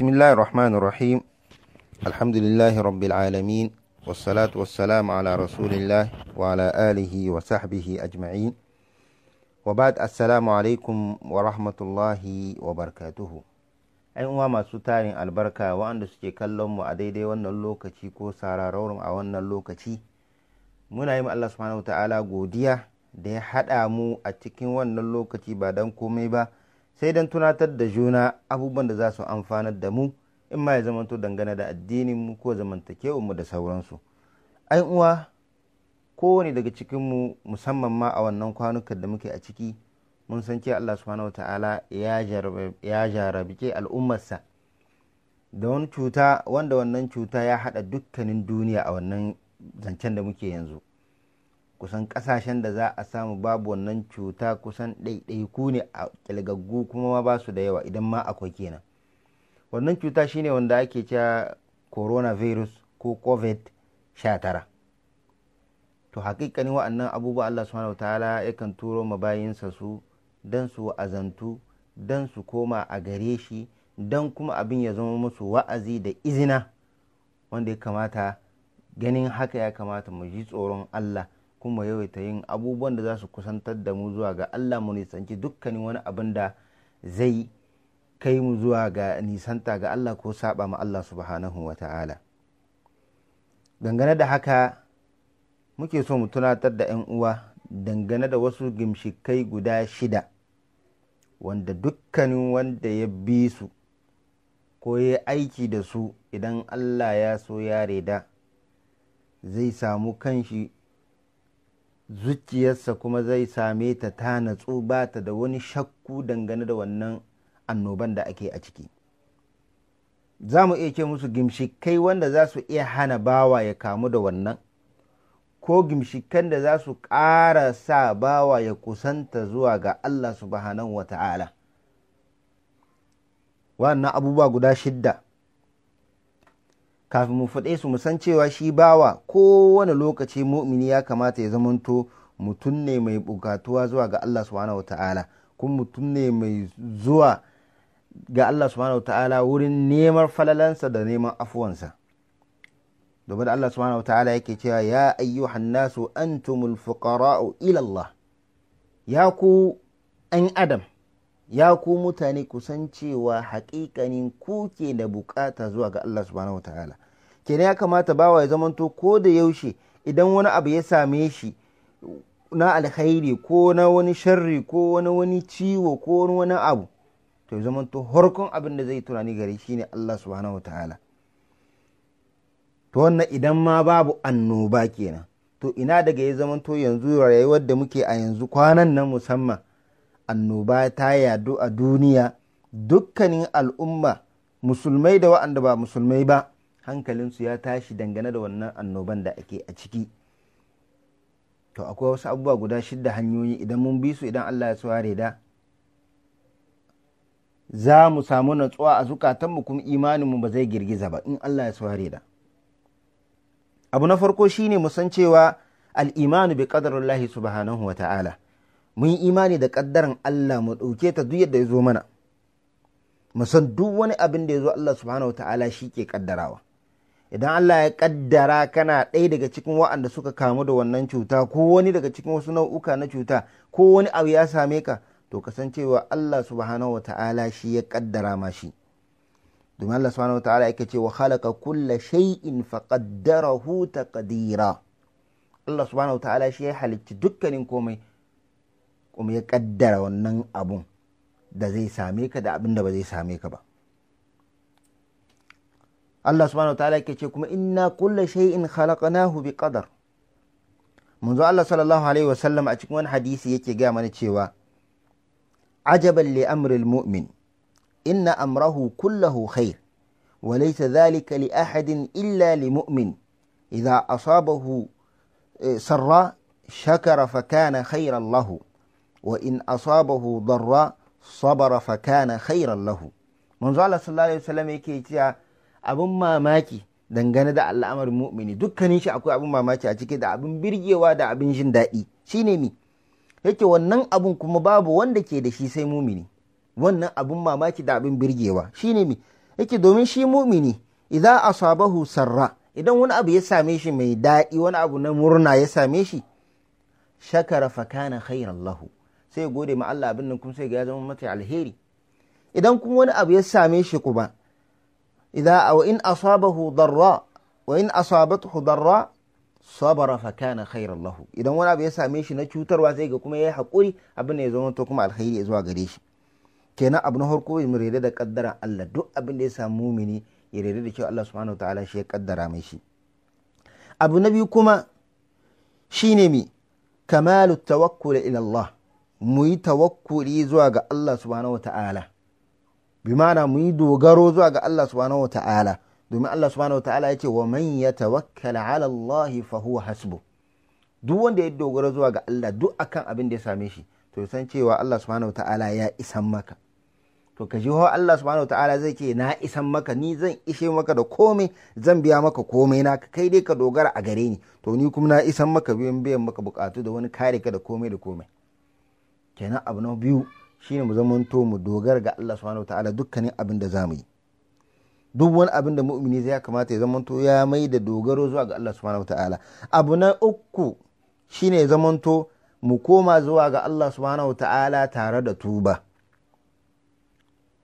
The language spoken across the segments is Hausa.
بسم الله الرحمن الرحيم الحمد لله رب العالمين والصلاة والسلام على رسول الله وعلى آله وصحبه أجمعين وبعد السلام عليكم ورحمة الله وبركاته ‘Yan uwa masu tarin albarka waɗanda suke kallon mu a daidai wannan lokaci ko sararawar a wannan lokaci, muna yi Allah subhanahu ta'ala godiya da ya haɗa mu a cikin wannan lokaci ba don komai ba. sai don tunatar da juna abubuwan da za su amfanar da mu in ma ya zamanto dangane da addininmu ko mu da sauransu ai uwa kowane daga cikinmu musamman ma a wannan kwanukan da muke a ciki mun san ce Allah subhanahu wa ta'ala ya jarabike al'ummarsa da wani cuta wanda wannan cuta ya haɗa dukkanin duniya a wannan zancen da muke yanzu kusan kasashen da za a samu babu wannan cuta kusan ɗaiɗaiku ne a ƙilgaggu kuma ma ba su da yawa idan ma akwai kenan wannan cuta shine wanda ake cewa coronavirus ko covid-19 to hakikanin wa'annan abubuwa allah subhanahu ta'ala yakan turo mabayinsa su don su wa'azantu don su koma a gare shi don kuma abin ya zama musu wa'azi da izina wanda ya kamata ganin haka ya kamata mu ji tsoron allah kuma yawaita yin abubuwan da za su kusantar da mu zuwa ga Allah mu nisanci dukkanin wani abin da zai kai mu zuwa ga nisanta ga Allah ko saba ma Allah subhanahu wa ta'ala dangane da haka muke so mu tunatar da 'yan uwa dangane da wasu gimshikai guda shida wanda dukkanin wanda ya bi su ko ya aiki da su idan Allah ya so ya reda zai samu kanshi zuciyarsa kuma zai same ta ta natsu ba ta da wani shakku dangane da wannan annoban da ake a ciki za mu iya ce musu gimshikai wanda za su iya hana bawa ya kamu da wannan ko gimshikan da za su ƙara sa bawa ya kusanta zuwa ga Allah subhanahu wa ta'ala wannan abubuwa guda shidda kafin mu faɗe su mu san cewa shi bawa kowane lokaci mu'mini ya kamata ya zamanto mutum ne mai bukatuwa zuwa ga Allah subhanahu wa ta'ala kuma mutum ne mai zuwa ga Allah subhanahu wa ta'ala wurin neman falalansa da neman afuwansa domin Allah subhanahu wa ta'ala yake cewa ya ayyuhan nasu antumul fuqara'u ila Allah ya ku an adam ya ku mutane ku san cewa hakikanin ku ke da bukata zuwa ga Allah subhanahu wa ta'ala kenan ya kamata bawa ya zamanto ko da yaushe idan wani abu ya same shi na alkhairi ko na wani sharri ko wani wani ciwo ko wani abu to ya zamanto horkon abin da zai tunani gari shi ne Allah subhanahu wa ta'ala to wannan idan ma babu annoba kenan to ina daga ya zamanto yanzu rayuwar da muke a yanzu kwanan nan musamman annoba ta yadu a duniya dukkanin al'umma musulmai da waɗanda ba musulmai ba hankalinsu ya tashi dangane da wannan annoban da ake a ciki to akwai wasu abubuwa guda shidda hanyoyi idan mun bi su idan allah ya tsware da za mu samu natsuwa a zukatanmu kuma imaninmu ba zai girgiza ba in allah ya tsware da abu na farko shine mu san cewa al'imanu bi qadarullahi subhanahu wa ta'ala mun imani da ƙaddaran allah mu ɗauke ta duk yadda ya zo mana mu san duk wani abin da ya zo allah subhanahu wa ta'ala shi ke kaddarawa. idan Allah ya kaddara kana ɗaya daga cikin wa'anda suka kamu da wannan cuta ko wani daga cikin wasu nau'uka na cuta ko wani abu ya same ka to kasancewa Allah subhanahu wata'ala shi ya kaddara ma shi domin Allah subhanahu wata'ala yake cewa khalaqa kulla shay'in fa qaddarahu taqdira Allah subhanahu wata'ala shi ya halicci dukkanin komai kuma ya kaddara wannan abun da zai same ka da abin da ba zai same ka ba Allah subhanahu wataala yake ce kuma inna kulla shay'in khalaqnahu bi qadar munzo Allah sallallahu alaihi wasallam a cikin wani hadisi yake gaya mana cewa ajaban li amril mu'min inna amrahu kullahu khair wa laysa dhalika li ahadin illa li mu'min idza asabahu sarra shakara fa kana khairan lahu wa in asabahu darra sabara fa kana khairan lahu manzo Allah sallallahu alaihi wasallam yake cewa abin mamaki dangane da al'amarin mu'mini dukkanin shi akwai abin mamaki a ciki da abin birgewa da abin jin daɗi shine mi yake wannan abin kuma babu wanda ke da shi sai mumini wannan abin mamaki da abin birgewa shine mi yake domin shi mumini idan asabahu sarra idan wani abu ya same shi mai daɗi wani abu na murna ya same shi shakara fakana khairan lahu sai gode ma Allah abin nan kuma sai ga ya zama mata alheri idan kuma wani abu ya same shi kuma إذا أو إن أصابه ضراء وإن أصابته ضراء sabara fa kana lahu idan wani abu ya same shi na cutarwa sai ga kuma yayi hakuri abin da ya zama to kuma alkhairi ya zuwa gare shi kenan abu na harko mu rere da kaddara Allah duk abin da ya samu mumini ya rere da cewa Allah subhanahu wataala shi ya kaddara mai shi abu na biyu kuma shine mi kamalu tawakkul ila Allah mu yi tawakkuli zuwa ga Allah subhanahu wataala Bimana muyi mu yi dogaro zuwa ga Allah subhanahu wata'ala domin Allah subhanahu wata'ala yake wa man tawakkala ala Allah fa huwa hasbu duk wanda ya dogara zuwa ga Allah duk akan abin da ya same shi to san cewa Allah subhanahu wata'ala ya isan maka to ka ji Allah subhanahu wata'ala zai ce na isan maka ni zan ishe maka da komai zan biya maka komai na kai dai ka dogara a gare ni to ni kuma na isan maka biyan biyan maka bukatu da wani kare ka da komai da komai kenan abu na biyu shine mu zamanto mu dogara ga Allah subhanahu ta'ala dukkanin abin da za mu yi duk wani abin da mu'mini zai kamata ya zamanto ya mai da dogaro zuwa ga Allah subhanahu ta'ala abu na uku shine ya zamanto mu koma zuwa ga Allah subhanahu ta'ala tare da tuba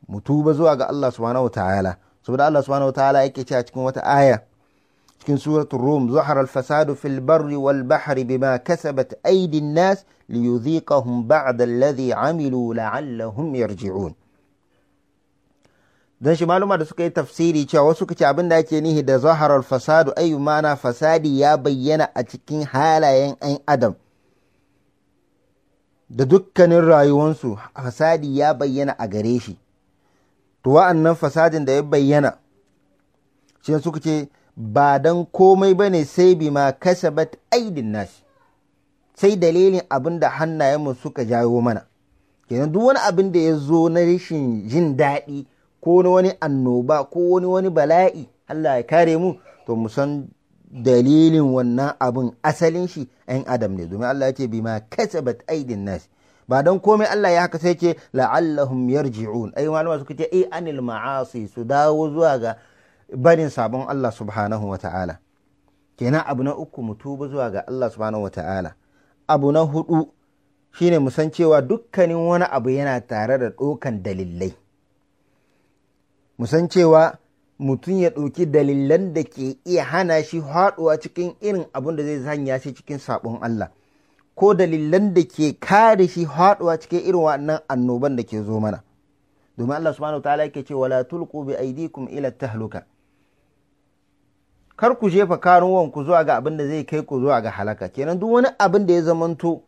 mu tuba zuwa ga Allah subhanahu ta'ala saboda Allah subhanahu ta'ala yake cewa cikin wata aya cikin suratul rum zahara al-fasadu fil barri wal bahri bima kasabat aydin بعد liyudhiqahum ba'da alladhi amilu la'allahum yarji'un dan shi maluma da suka yi tafsiri cewa wasu kace abin da ake nihi da zahara fasadu ayu mana fasadi ya bayyana a cikin halayen ɗan adam da dukkanin rayuwansu fasadi ya bayyana a gare shi to wa'annan fasadin da ya bayyana shi suka ce ba don komai ba ne sai bi ma kasa kasabat aidin nashi sai dalilin abin da hannayenmu suka jawo mana kenan duk wani abin da ya zo na rashin jin daɗi ko na wani annoba ko wani wani bala'i Allah ya kare mu to mu san dalilin wannan abin asalin shi ‘yan adam ne domin Allah ya ce bi ma kasa kasabat aidin nashi ba don komai Allah ya haka sai ce la'allahum yarji'un ai malama suka ce ai eh, anil ma'asi su dawo zuwa ga barin sabon Allah subhanahu wa ta'ala kenan abu na uku mu tuba zuwa ga Allah subhanahu wa ta'ala abu na hudu shine mu cewa dukkanin wani abu yana tare da dokan dalilai mu cewa mutum ya ɗauki dalilan da ke iya hana shi haɗuwa cikin irin abun da zai sanya shi cikin sabon Allah ko dalilan da ke kare shi haɗuwa cikin irin wannan annoban da ke zo mana domin Allah subhanahu wa ta'ala yake ce wala tulqu bi aydikum ila tahluka kar ku jefa karuwanku zuwa ga abin da zai kai ku zuwa ga halaka kenan duk wani abin da ya zamanto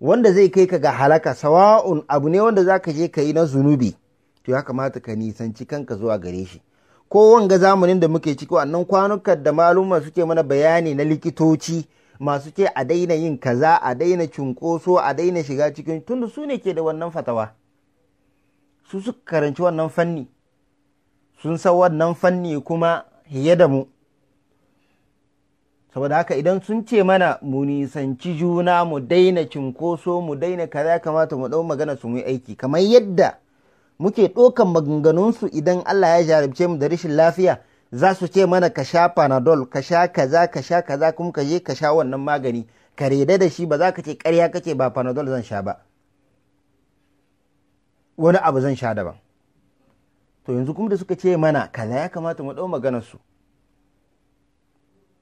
wanda zai kai ka ga halaka sawa'un abu ne wanda zaka je ka yi na zunubi to ya kamata ka nisanci kanka zuwa gare shi ko wanga zamanin da muke ciki wannan kwanukan da maluma suke mana bayani na likitoci masu ce a daina yin kaza a daina cunkoso a daina shiga cikin tunda su ne ke da wannan fatawa su suka karanci wannan fanni sun san wannan fanni kuma hiye da mu saboda haka idan sun ce mana mu nisanci juna mu daina cinkoso mu daina kaza ya kamata mu dau magana su mu aiki kamar yadda muke ɗokan maganganunsu idan Allah ya jarabce mu da rashin lafiya za su ce mana ka sha panadol ka sha kaza ka sha kaza kuma ka je ka sha wannan magani ka reda da shi ba za ka ce ƙarya kace ba panadol zan sha ba wani abu zan sha daban to yanzu kuma da suka ce mana kaza ya kamata mu ɗau magana su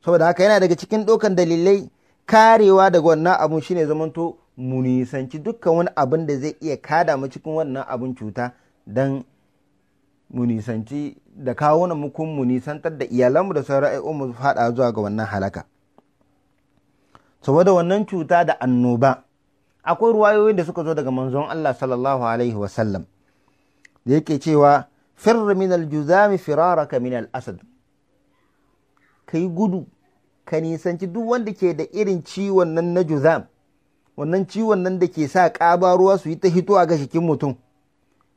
saboda haka yana daga cikin ɗaukan dalilai karewa daga wannan abun shine zamanto mu nisanci dukkan wani abin da zai iya kada mu cikin wannan abun cuta don mu nisanci da kawo na mukun mu nisantar da iyalanmu da sauran ai'ummu mu fada zuwa ga wannan halaka saboda wannan cuta da annoba akwai ruwayoyin da suka zo daga manzon Allah sallallahu alaihi sallam da yake cewa firar min al-juzami firaraka min al-asad kai gudu ka nisanci duk wanda ke da irin ciwon nan na juzam wannan ciwon nan da ke sa ƙaba ruwa su yi ta hito a ga jikin mutum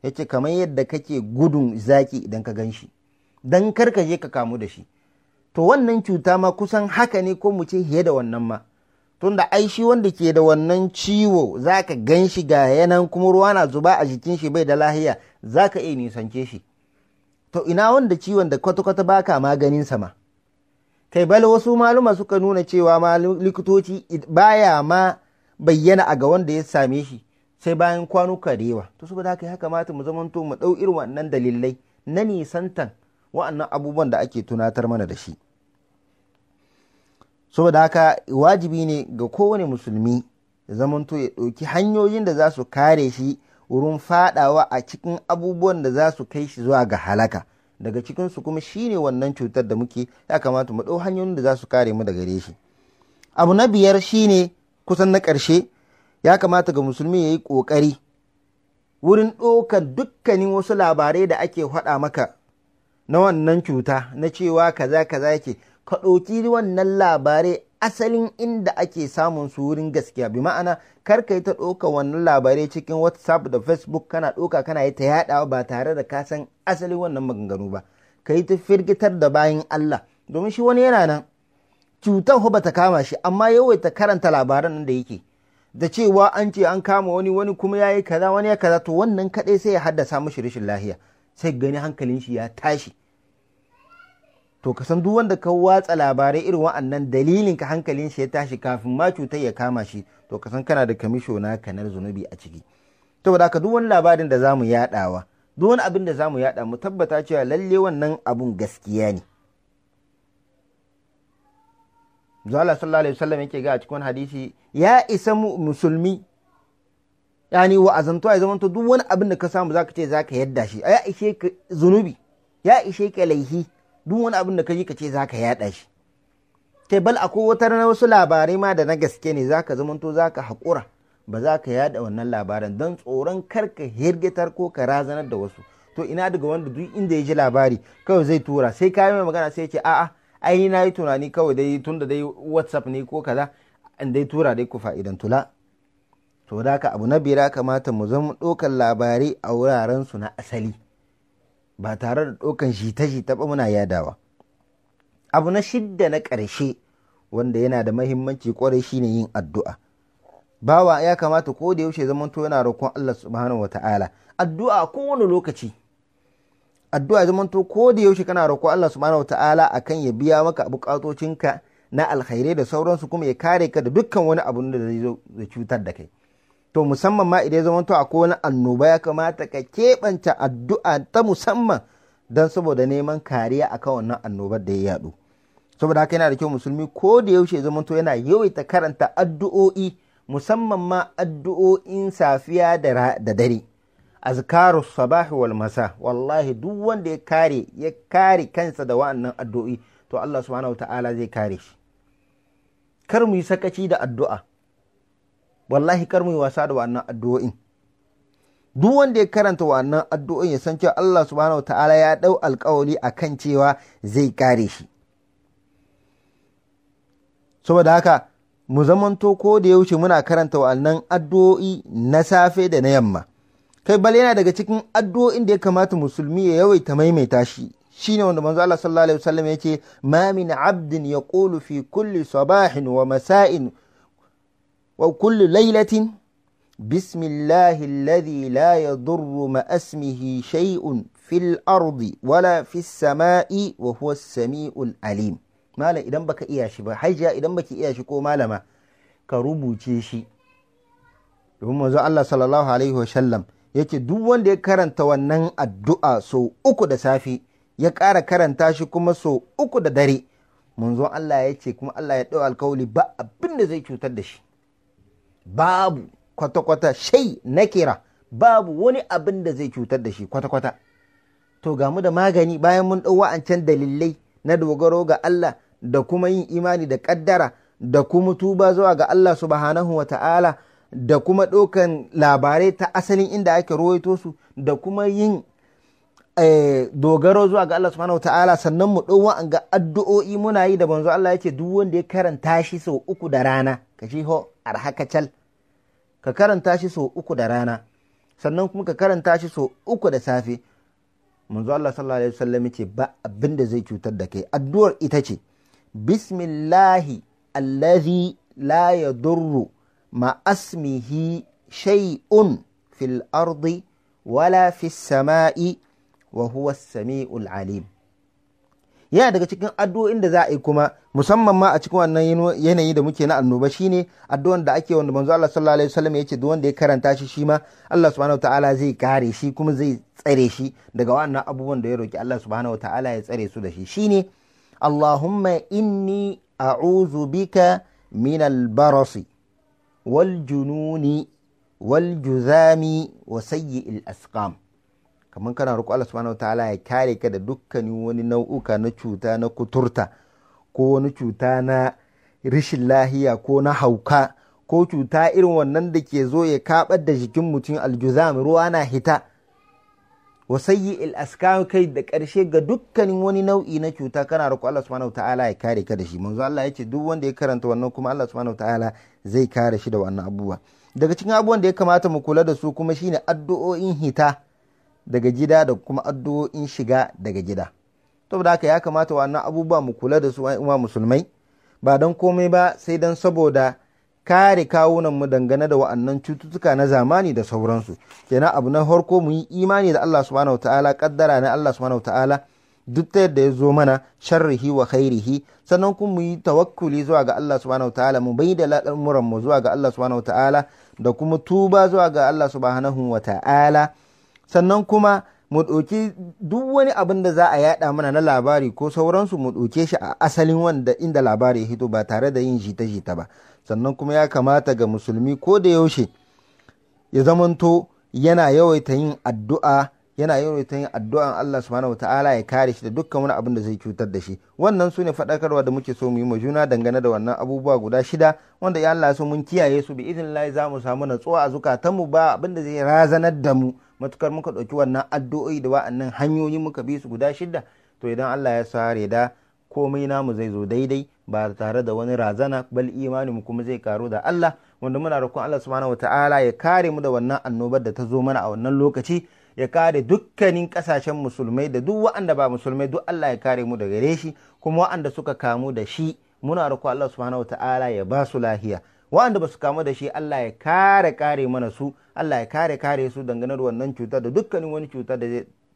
ya ce kamar yadda kake gudun zaki idan ka gan shi don kar ka je ka kamu da shi to wannan cuta ma kusan haka ne ko mu ce fiye da wannan ma tunda ai shi wanda ke da wannan ciwo za ka gan shi ga yanan kuma ruwa na zuba a jikin shi bai da lahiya za ka iya nisance shi to ina wanda ciwon da kwata-kwata baka maganin sama kai bal wasu maluma suka nuna cewa ma likitoci baya ma bayyana a ga wanda ya same shi sai bayan kwanuka da yawa to saboda haka haka mata mu zamanto mu dau irin wannan dalilai na nisantan wa'annan abubuwan da ake tunatar mana da shi saboda haka wajibi ne ga kowane musulmi ya zamanto ya ɗauki hanyoyin da za su kare shi wurin fadawa a cikin abubuwan da za su kai shi zuwa ga halaka daga cikinsu kuma shine wannan cutar da muke ya kamata mu ɗau hanyoyin da za su kare mu daga gare shi abu na biyar shine kusan na ƙarshe ya kamata ga musulmi ya yi ƙoƙari wurin ɗaukar dukkanin wasu labarai da ake faɗa maka na wannan cuta na cewa kaza kaza yake ka ɗauki wannan labarai asalin inda ake samun su wurin gaskiya bi ma'ana kar ka yi ta ɗauka wannan labarai cikin whatsapp da facebook kana ɗauka kana yi ta yaɗawa ba tare da ka san asalin wannan maganganu ba ka yi ta firgitar da bayan allah domin shi wani yana nan cutar ba ta kama shi amma yawaita karanta labaran nan da yake da cewa an ce an kama wani wani kuma ya yi kaza wani ya kaza to wannan kaɗai sai ya haddasa mashi rashin lahiya sai gani hankalin shi ya tashi to ka san duk wanda ka watsa labarai irin wa'annan dalilin ka hankalin shi ya tashi kafin ma cutar ya kama shi to ka san kana da kamisho na kanar zunubi a ciki saboda haka duk wani labarin da zamu yadawa duk wani abin da zamu yada mu tabbata cewa lalle wannan abun gaskiya ne Zala sallallahu alaihi wasallam yake ga a cikin hadisi ya isa musulmi yani wa'azantuwa ya zamanto duk wani abin da ka samu zaka ce zaka yadda shi ya ishe ka zunubi ya ishe ka laihi duk wani abin da ka ji ka ce za ka yaɗa shi kai bal akwai wata na wasu labarai ma da na gaske ne za ka zamanto za ka haƙura ba za ka yaɗa wannan labarin don tsoron kar ka hirgitar ko ka razanar da wasu to ina daga wanda duk inda ya ji labari kawai zai tura sai ka mai magana sai ce a'a ai na yi tunani kawai dai tunda dai whatsapp ne ko kaza in dai tura dai ku fa'idan tula to da ka abu na biyar kamata mu zama ɗaukar labarai a wuraren su na asali ba tare da ɗaukan jita-jita ba muna yadawa abu na shidda na ƙarshe wanda yana da mahimmanci kwarai shine yin addu'a bawa ya kamata ko da yaushe to yana roƙon Allah subhanahu wata'ala addu'a kowane lokaci addu'a to ko da yaushe kana roƙon Allah subhanahu wata'ala akan ya biya maka bukatocinka na alkhairai da sauransu kuma ya kare ka da dukkan wani abu da zai cutar da kai to musamman ma idan zama to akwai wani annoba ya kamata ka keɓanta addu'a ta musamman don saboda neman kariya akan wannan annobar da ya yaɗu saboda haka yana da kyau musulmi ko da yaushe zama to yana yawaita karanta addu'o'i musamman ma addu'o'in safiya da dare azkaru sabahi wal masa wallahi duk wanda ya kare ya kare kansa da wannan addu'o'i to Allah subhanahu wataala zai kare shi kar mu yi sakaci da addu'a wallahi kar mu yi wasa da wannan addu'o'in duk wanda ya karanta wannan addu'o'in ya san cewa Allah subhanahu ta'ala ya dau alkawari akan cewa zai kare shi saboda haka mu zamanto ko da yaushe muna karanta wannan addu'o'i na safe da na yamma kai bal yana daga cikin addu'o'in da ya kamata musulmi ya yawaita maimaita shi shine wanda manzo Allah sallallahu alaihi wasallam yace ma min abdin yaqulu fi kulli sabahin wa masa'in وكل ليلة بسم الله الذي لا يضر مع اسمه شيء في الأرض ولا في السماء وهو السميع العليم ما لا إذا بك إياشي با حاجة إذا بك إياشي كو ما لما كربو تيشي يقول مزو الله صلى الله عليه وسلم yake duk wanda ya karanta wannan addu’a sau uku da safe ya ƙara karanta shi kuma sau uku da dare manzon Allah ya ce kuma Allah ya ɗau alkawali ba abin da zai cutar da shi babu kwata-kwata shai na kira babu wani abin da zai cutar da shi kwata-kwata to ga mu da magani bayan mun ɗau wa'ancan dalilai na dogaro ga Allah da kuma yin imani da ƙaddara da kuma tuba zuwa ga Allah subhanahu wa ta'ala da kuma ɗaukan labarai ta asalin inda ake ruwaito su da kuma yin eh, dogaro zuwa ga Allah subhanahu ta'ala sannan mu ɗan ga addu'o'i muna yi da banzo Allah ya ce duk wanda ya karanta shi sau uku da rana ka ho arhaka cal ka karanta shi sau uku da rana sannan kuma ka karanta shi sau uku da safe manzo Allah sallallahu alaihi wasallam ce ba abin da zai cutar da kai addu'ar ita ce bismillahi allazi la yadurru ma asmihi shay'un fil ardi wala fis sama'i wa huwa as-sami'ul alim yana daga cikin addu'o'in da za a yi kuma musamman ma a cikin wannan yanayi da muke na annoba shine addu'an da ake wanda manzo Allah sallallahu alaihi wasallam yace duk wanda ya karanta shi shi ma Allah subhanahu Ta'ala zai kare shi kuma zai tsare shi daga wannan abubuwan da ya roki Allah subhanahu Ta'ala ya tsare su da shi shine Allahumma inni a'udhu bika min al-barasi wal jununi wal juzami wa sayyi'il asqam Kaman kana roƙo Allah subhanahu Ta'ala ya kare ka da dukkanin wani nau'uka na cuta na kuturta ko wani cuta na rishin lahiya ko na hauka ko cuta irin wannan da ke zo ya kaɓar da jikin mutum aljuzam ruwa na hita wasayi il askan kai da ƙarshe ga dukkanin wani nau'i na cuta kana roƙo Allah subhanahu ta'ala ya kare ka da shi manzo Allah ya ce duk wanda ya karanta wannan kuma Allah subhanahu ta'ala zai kare shi da wannan abubuwa daga cikin abubuwan da ya kamata mu kula da su kuma shine addu'o'in hita daga gida da kuma addu'o'in shiga daga gida saboda haka ya kamata wannan abubuwa mu kula da su uwa musulmai ba don komai ba sai don saboda kare kawunan mu dangane da wa'annan cututtuka na zamani da sauransu kenan abu na farko mu yi imani da Allah subhanahu ta'ala kaddara na Allah subhanahu ta'ala duk ta yadda ya zo mana sharrihi wa khairihi sannan kuma mu yi tawakkuli zuwa ga Allah subhanahu ta'ala mu bai da lamuran mu zuwa ga Allah subhanahu ta'ala da kuma tuba zuwa ga Allah subhanahu wa ta'ala sannan kuma mu ɗauki duk wani abin da za a yaɗa mana na labari ko sauransu mu ɗauke shi a asalin wanda inda labari ya hito ba tare da yin jita-jita ba sannan kuma ya kamata ga musulmi ko da yaushe ya zamanto yana yawaita yin addu'a yana yawaita yin addu'an Allah subhanahu wataala ya kare shi da dukkan wani abin da zai cutar da shi wannan su ne faɗakarwa da muke so mu yi ma juna dangane da wannan abubuwa guda shida wanda ya Allah so mun kiyaye su bi idnillahi za mu samu natsuwa a mu ba abin da zai razanar da mu matukar muka ɗauki wannan addu'o'i da wa'annan hanyoyi muka bi su guda shida to idan Allah ya sare da komai namu zai zo daidai ba tare da wani razana bal imani mu kuma zai karu da Allah wanda muna roƙon Allah subhanahu wataala ya kare mu da wannan annobar da ta zo mana a wannan lokaci ya kare dukkanin kasashen musulmai da duk wa'anda ba musulmai duk Allah ya kare mu da gare shi kuma wa'anda suka kamu da shi muna roƙo Allah subhanahu wataala ya ba su lahiya wa'anda ba su kamu da shi Allah ya kare kare mana su Allah ya kare kare su dangane da wannan cutar da dukkanin wani cutar da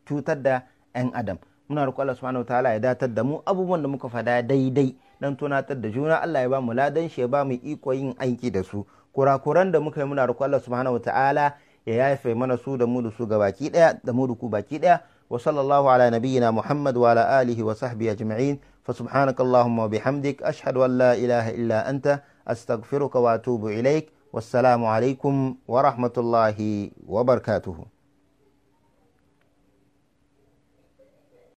cutar da 'yan adam muna roƙo Allah subhanahu wataala ya datar da mu abubuwan da muka fada daidai dan tunatar da juna Allah ya ba mu ladan shi ya ba mu iko yin aiki da su kurakuran da muka yi muna roƙo Allah subhanahu wataala ya yafe mana su da mu da su gabaki daya da mu da ku baki daya wa sallallahu ala nabiyyina muhammad wa ala alihi wa sahbihi ajma'in fa subhanakallahumma wa bihamdik ashhadu an la ilaha illa anta astaghfiruka wa atubu ilaik wassalamu alaikum wa rahmatullahi wa barakatuhu